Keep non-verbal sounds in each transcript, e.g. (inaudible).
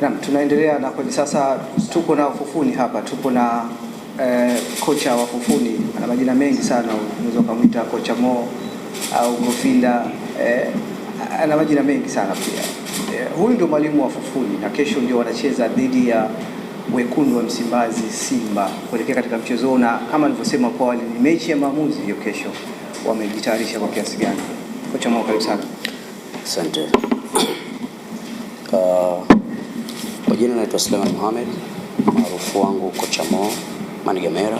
Naam, tunaendelea na kwenye sasa, tuko na Wafufuni hapa, tuko na eh, kocha wa ana majina mengi sana, unaweza ukamwita kocha Mo au Gofinda eh, ana majina mengi sana pia eh, huyu ndio mwalimu wa na kesho ndio wanacheza dhidi ya wekundu wa Msimbazi Simba kuelekea katika mchezo huo, na kama nilivyosema kwa awali ni mechi ya maamuzi hiyo. Kesho wamejitayarisha kwa kiasi gani? Kocha Mo, karibu sana. Asante. Uh... (clears throat) Kwa jina naitwa Suleiman Mohamed maarufu wangu kocha Mo Manigamera.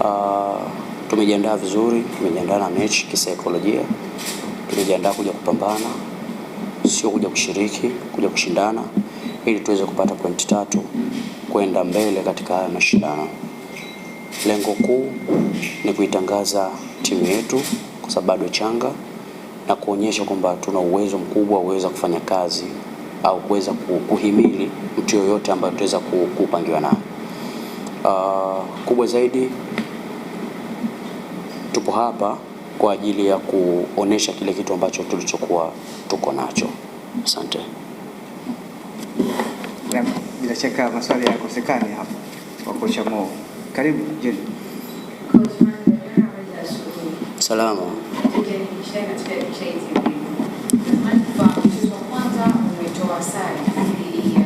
Uh, tumejiandaa vizuri, tumejiandaa na mechi kisaikolojia, tumejiandaa kuja kupambana, sio kuja kushiriki, kuja kushindana ili tuweze kupata pointi tatu kwenda mbele katika haya mashindano. Lengo kuu ni kuitangaza timu yetu kwa sababu bado changa na kuonyesha kwamba tuna uwezo mkubwa wa kufanya kazi au kuweza kuhimili mtu yoyote ambaye tutaweza kupangiwa naye. Uh, kubwa zaidi tupo hapa kwa ajili ya kuonesha kile kitu ambacho tulichokuwa tuko nacho. Asante. Bila shaka maswali ya kosekani hapa kwa kocha Mo. Karibu Jeni. Salama presha ya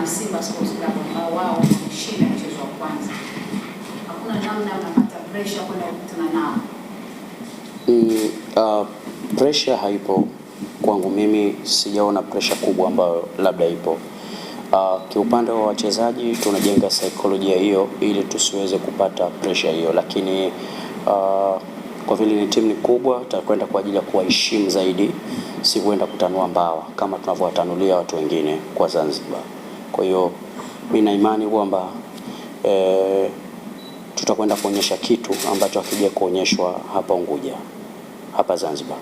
na Simba Sports Club ambao wao wameshinda mchezo wa kwanza. Hakuna namna pressure kwenda kukutana nao? uh, pressure haipo kwangu mimi, sijaona pressure kubwa ambayo labda ipo. Uh, kiupande wa wachezaji tunajenga saikolojia hiyo ili tusiweze kupata pressure hiyo, lakini uh, kwa vile ni timu ni kubwa, tutakwenda kwa ajili ya kuwaheshimu zaidi si kwenda kutanua mbawa kama tunavyowatanulia watu wengine kwa Zanzibar. Kwa hiyo mimi na imani kwamba e, tutakwenda kuonyesha kitu ambacho hakija kuonyeshwa hapa Unguja, hapa Zanzibar.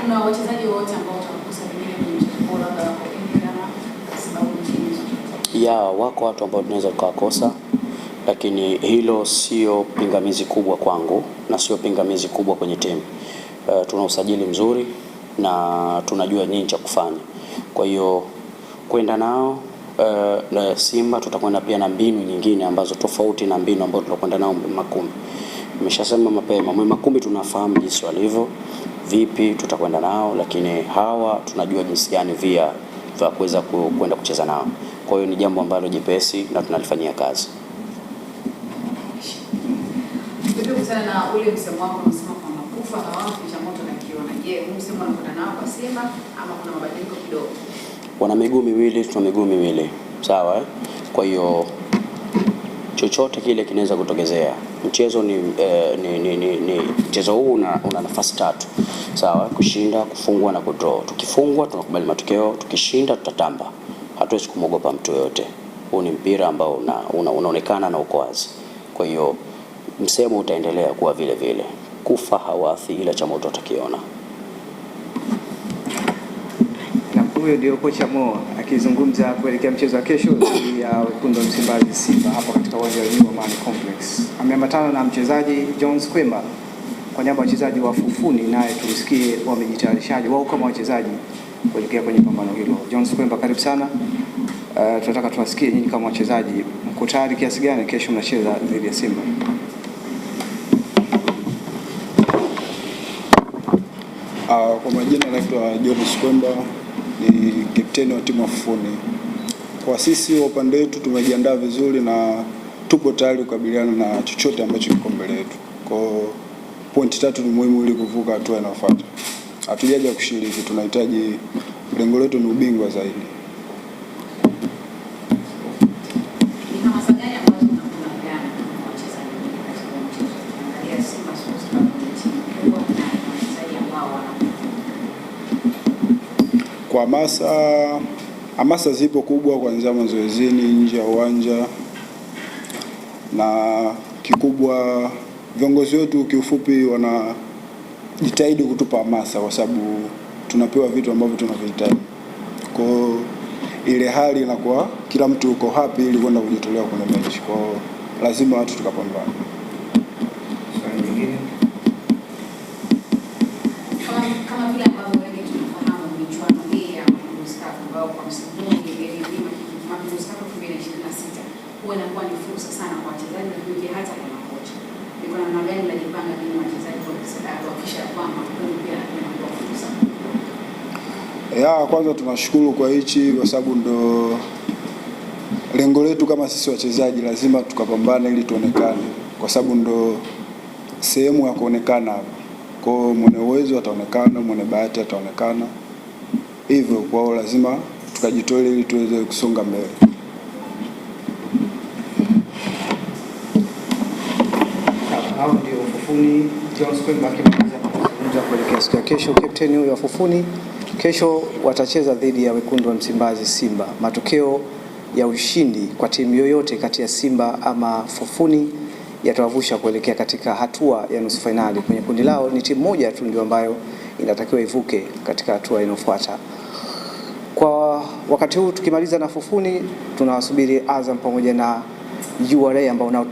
Kuna wachezaji wote ambao sababu ya wako watu ambao tunaweza tukawakosa lakini hilo sio pingamizi kubwa kwangu na sio pingamizi kubwa kwenye timu. Uh, tuna usajili mzuri na tunajua nini cha kufanya, kwa hiyo kwenda nao uh, na Simba tutakwenda pia na mbinu nyingine ambazo tofauti na mbinu ambazo tulikwenda nao Makumbi. Nimeshasema mapema Mwe Makumbi tunafahamu jinsi walivyo vipi, tutakwenda nao, lakini hawa tunajua jinsi gani via vya kuweza kwenda kucheza nao. Kwa hiyo ni jambo ambalo jepesi na tunalifanyia kazi kutana na ule msemo wako unasema kwamba kufa hawafi cha moto na kiona? Je, huu msemo unakwenda nao kwa Simba ama kuna mabadiliko kidogo? Wana miguu miwili, tuna miguu miwili, sawa eh? Kwa hiyo chochote kile kinaweza kutokezea. Mchezo ni, eh, ni, ni, ni, ni mchezo huu una, una nafasi tatu sawa, kushinda, kufungwa na kudraw. Tukifungwa tunakubali matokeo, tukishinda tutatamba. Hatuwezi kumwogopa mtu yoyote. Huu ni mpira ambao una, una, unaonekana na uko wazi, kwa hiyo msemo utaendelea kuwa vile vile, kufa hawathi ila cha moto atakiona. Huyo ndio kocha Mo akizungumza kuelekea mchezo wa kesho dhidi ya wekundu wa Msimbazi Simba hapo katika uwanja wa New Amaan Complex. Ameambatana na mchezaji Jones Kwemba kwa niaba ya wachezaji wa Fufuni, naye tumsikie wamejitayarishaje wao kama wachezaji kuelekea kwenye pambano hilo. Jones Kwemba, karibu sana. Uh, tunataka tuwasikie nyinyi kama wachezaji mko tayari kiasi gani, kesho mnacheza dhidi ya Simba? Kwa majina naitwa John Sikwemba, ni kapteni wa timu ya Fufuni. Kwa sisi wa upande wetu tumejiandaa vizuri na tupo tayari kukabiliana na chochote ambacho kiko mbele yetu. Kwa pointi tatu ni muhimu ili kuvuka hatua inayofuata. Hatujaja kushiriki, tunahitaji lengo letu ni ubingwa zaidi. kwa hamasa, hamasa zipo kubwa kuanzia mazoezini, nje ya uwanja na kikubwa, viongozi wetu kiufupi wanajitahidi kutupa hamasa, kwa sababu tunapewa vitu ambavyo tunavihitaji. Kwa ile hali inakuwa kila mtu uko hapi ili kwenda kujitolea kwenye mechi, kwa lazima watu tukapambana. huwa inakuwa ni fursa sana kwa wachezaji, na lakini hata kwa makocha, ni kwa namna gani najipanga mimi wachezaji kwa kuhakikisha kwamba pia inakuwa fursa ya kwanza. Tunashukuru kwa hichi kwa sababu ndo lengo letu kama sisi wachezaji, lazima tukapambane ili tuonekane, kwa sababu ndo sehemu ya kuonekana hapo. Kwa hiyo mwenye uwezo ataonekana, mwenye bahati ataonekana, hivyo kwao lazima tukajitole ili tuweze kusonga mbele. Kapteni Jones akizungumza kuelekea siku ya kesho. Kapteni huyo Fufuni kesho, watacheza dhidi ya wekundu wa Msimbazi Simba. Matokeo ya ushindi kwa timu yoyote kati ya Simba ama Fufuni yatawavusha kuelekea katika hatua ya nusu fainali. Kwenye kundi lao ni timu moja tu ndio ambayo inatakiwa ivuke katika hatua inayofuata. Kwa wakati huu tukimaliza na Fufuni, tunawasubiri Azam pamoja na URA ambao nao